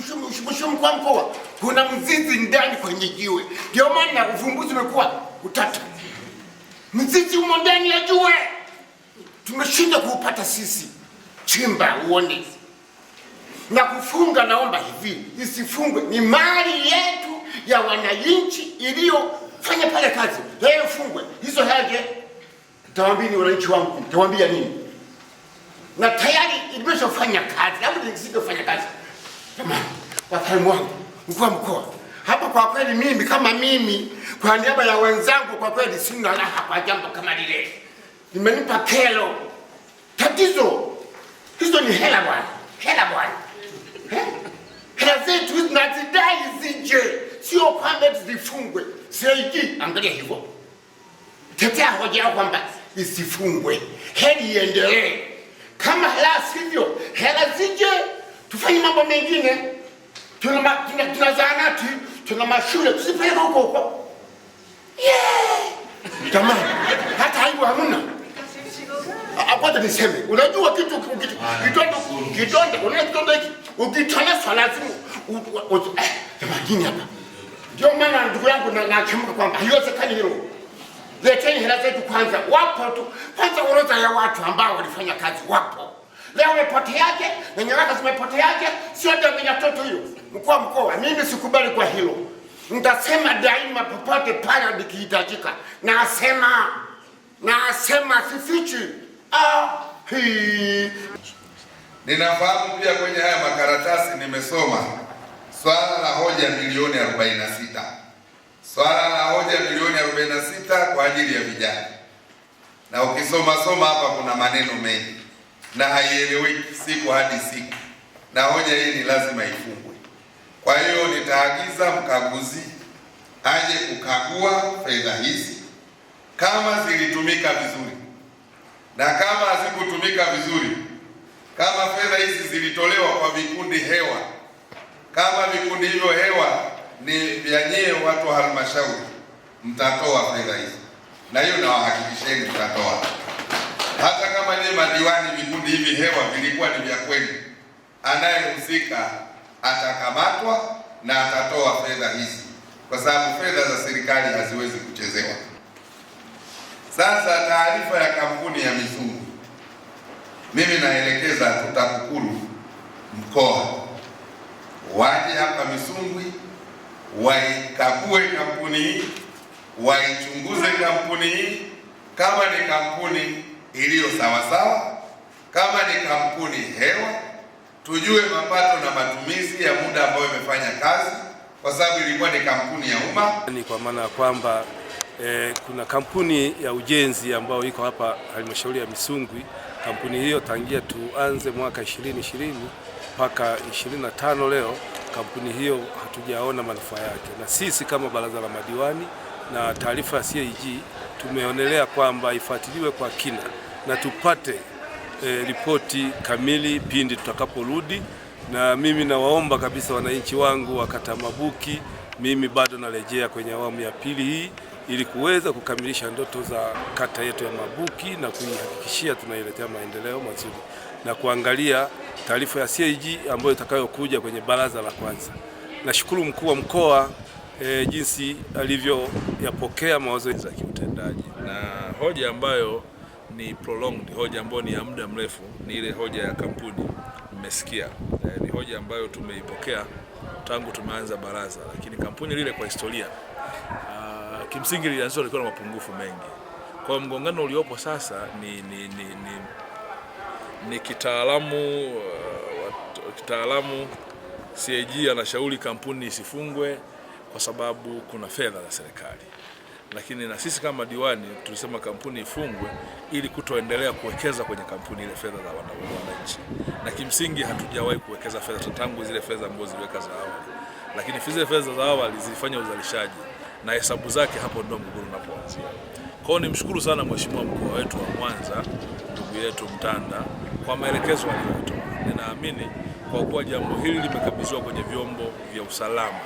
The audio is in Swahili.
Bushumu kwa mkoa kuna mzizi ndani kwenye jiwe, ndio maana ufumbuzi umekuwa utata. Mzizi umo ndani ya jiwe, tumeshinda kuupata sisi. Chimba uone na kufunga. Naomba hivi isifungwe, ni mali yetu ya wananchi iliyofanya pale kazi, leo fungwe hizo hege. Tawambini wananchi wangu, tawambia nini? Na tayari imeshafanya kazi kaimu wangu, mkuu wa mkoa hapa, kwa kweli mimi kama mimi, kwa niaba ya wenzangu, kwa kweli sina raha kwa jambo kama lile. Nimenipa kelo, tatizo hizo ni hela bwana, hela bwana, hela zetu nazidai zije, sio kwamba zifungwe. Seiji, angalia hivyo, tetea hoja yao kwamba isifungwe, heli iendelee. Kama hela sivyo, hela zije tufanye mambo mengine tuna ma, tuna, zahanati tuna mashule tusipeleke huko huko. Yeah. hata aibu hamna. Apata niseme, unajua kitu kitonda kitonda, unaona kitonda hiki ukitana swala lazima eh, jamani hapa. Ndio maana ndugu yangu na nakumbuka kwamba haiwezekani hilo. Leteni hela zetu kwanza. Wapo tu kwanza, orodha ya watu ambao walifanya kazi wapo. Leo umepoteaje na nyaraka zimepoteaje? Sio ndio ya mtoto hiyo. Mkuu wa mkoa, mimi sikubali kwa hilo, nitasema daima popote pale nikihitajika. Nasema nasema, sifichi. Ah, ninafahamu pia kwenye haya makaratasi nimesoma swala la hoja milioni 46 swala la hoja milioni 46 kwa ajili ya vijana, na ukisoma soma hapa kuna maneno mengi na haieleweki siku hadi siku, na hoja hii ni lazima ifungwe. Kwa hiyo nitaagiza mkaguzi aje kukagua fedha hizi kama zilitumika vizuri, na kama hazikutumika vizuri, kama fedha hizi zilitolewa kwa vikundi hewa, kama vikundi hivyo hewa ni vya nyie watu wa halmashauri, mtatoa fedha hizi, na hiyo nawahakikisheni mtatoa hata kama nyie madiwani, vikundi hivi hewa vilikuwa ni vya kweli, anayehusika atakamatwa na atatoa fedha hizi, kwa sababu fedha za serikali haziwezi kuchezewa. Sasa taarifa ya kampuni ya misungwi mimi naelekeza TAKUKURU mkoa waje hapa Misungwi waikague kampuni hii, waichunguze kampuni hii, kama ni kampuni iliyo sawasawa. Kama ni kampuni hewa, tujue mapato na matumizi ya muda ambayo imefanya kazi, kwa sababu ilikuwa ni kampuni ya umma. Ni kwa maana ya kwamba eh, kuna kampuni ya ujenzi ambayo iko hapa halmashauri ya Misungwi. Kampuni hiyo tangia tuanze mwaka 2020 mpaka 25 leo, kampuni hiyo hatujaona manufaa yake, na sisi kama baraza la madiwani na taarifa ya CAG tumeonelea kwamba ifuatiliwe kwa kina na tupate e, ripoti kamili pindi tutakaporudi. Na mimi nawaomba kabisa wananchi wangu wa kata Mabuki, mimi bado narejea kwenye awamu ya pili hii ili kuweza kukamilisha ndoto za kata yetu ya Mabuki na kuihakikishia tunailetea maendeleo mazuri na kuangalia taarifa ya CAG ambayo itakayokuja kwenye baraza la kwanza. Nashukuru mkuu wa mkoa e, jinsi alivyoyapokea mawazo za kiutendaji na hoja ambayo ni prolonged, hoja ambayo ni ya muda mrefu, ni ile hoja ya kampuni. Mmesikia e, ni hoja ambayo tumeipokea tangu tumeanza baraza, lakini kampuni lile kwa historia a, kimsingi lilianza likuwa na mapungufu mengi. Kwa hiyo mgongano uliopo sasa ni, ni, ni, ni, ni kitaalamu uh, kitaalamu CAG anashauri kampuni isifungwe kwa sababu kuna fedha za serikali, lakini na sisi kama diwani tulisema kampuni ifungwe ili kutoendelea kuwekeza kwenye kampuni ile fedha za wananchi, na kimsingi hatujawahi kuwekeza fedha tangu zile fedha ambazo ziliweka za awali, lakini zile fedha za awali zilifanya uzalishaji na hesabu zake, hapo ndio mguru unapoanzia. Kwa hiyo nimshukuru sana mheshimiwa mkuu wetu wa Mwanza ndugu yetu Mtanda kwa maelekezo aliyotoa. Ninaamini kwa kuwa jambo hili limekabidhiwa kwenye vyombo vya usalama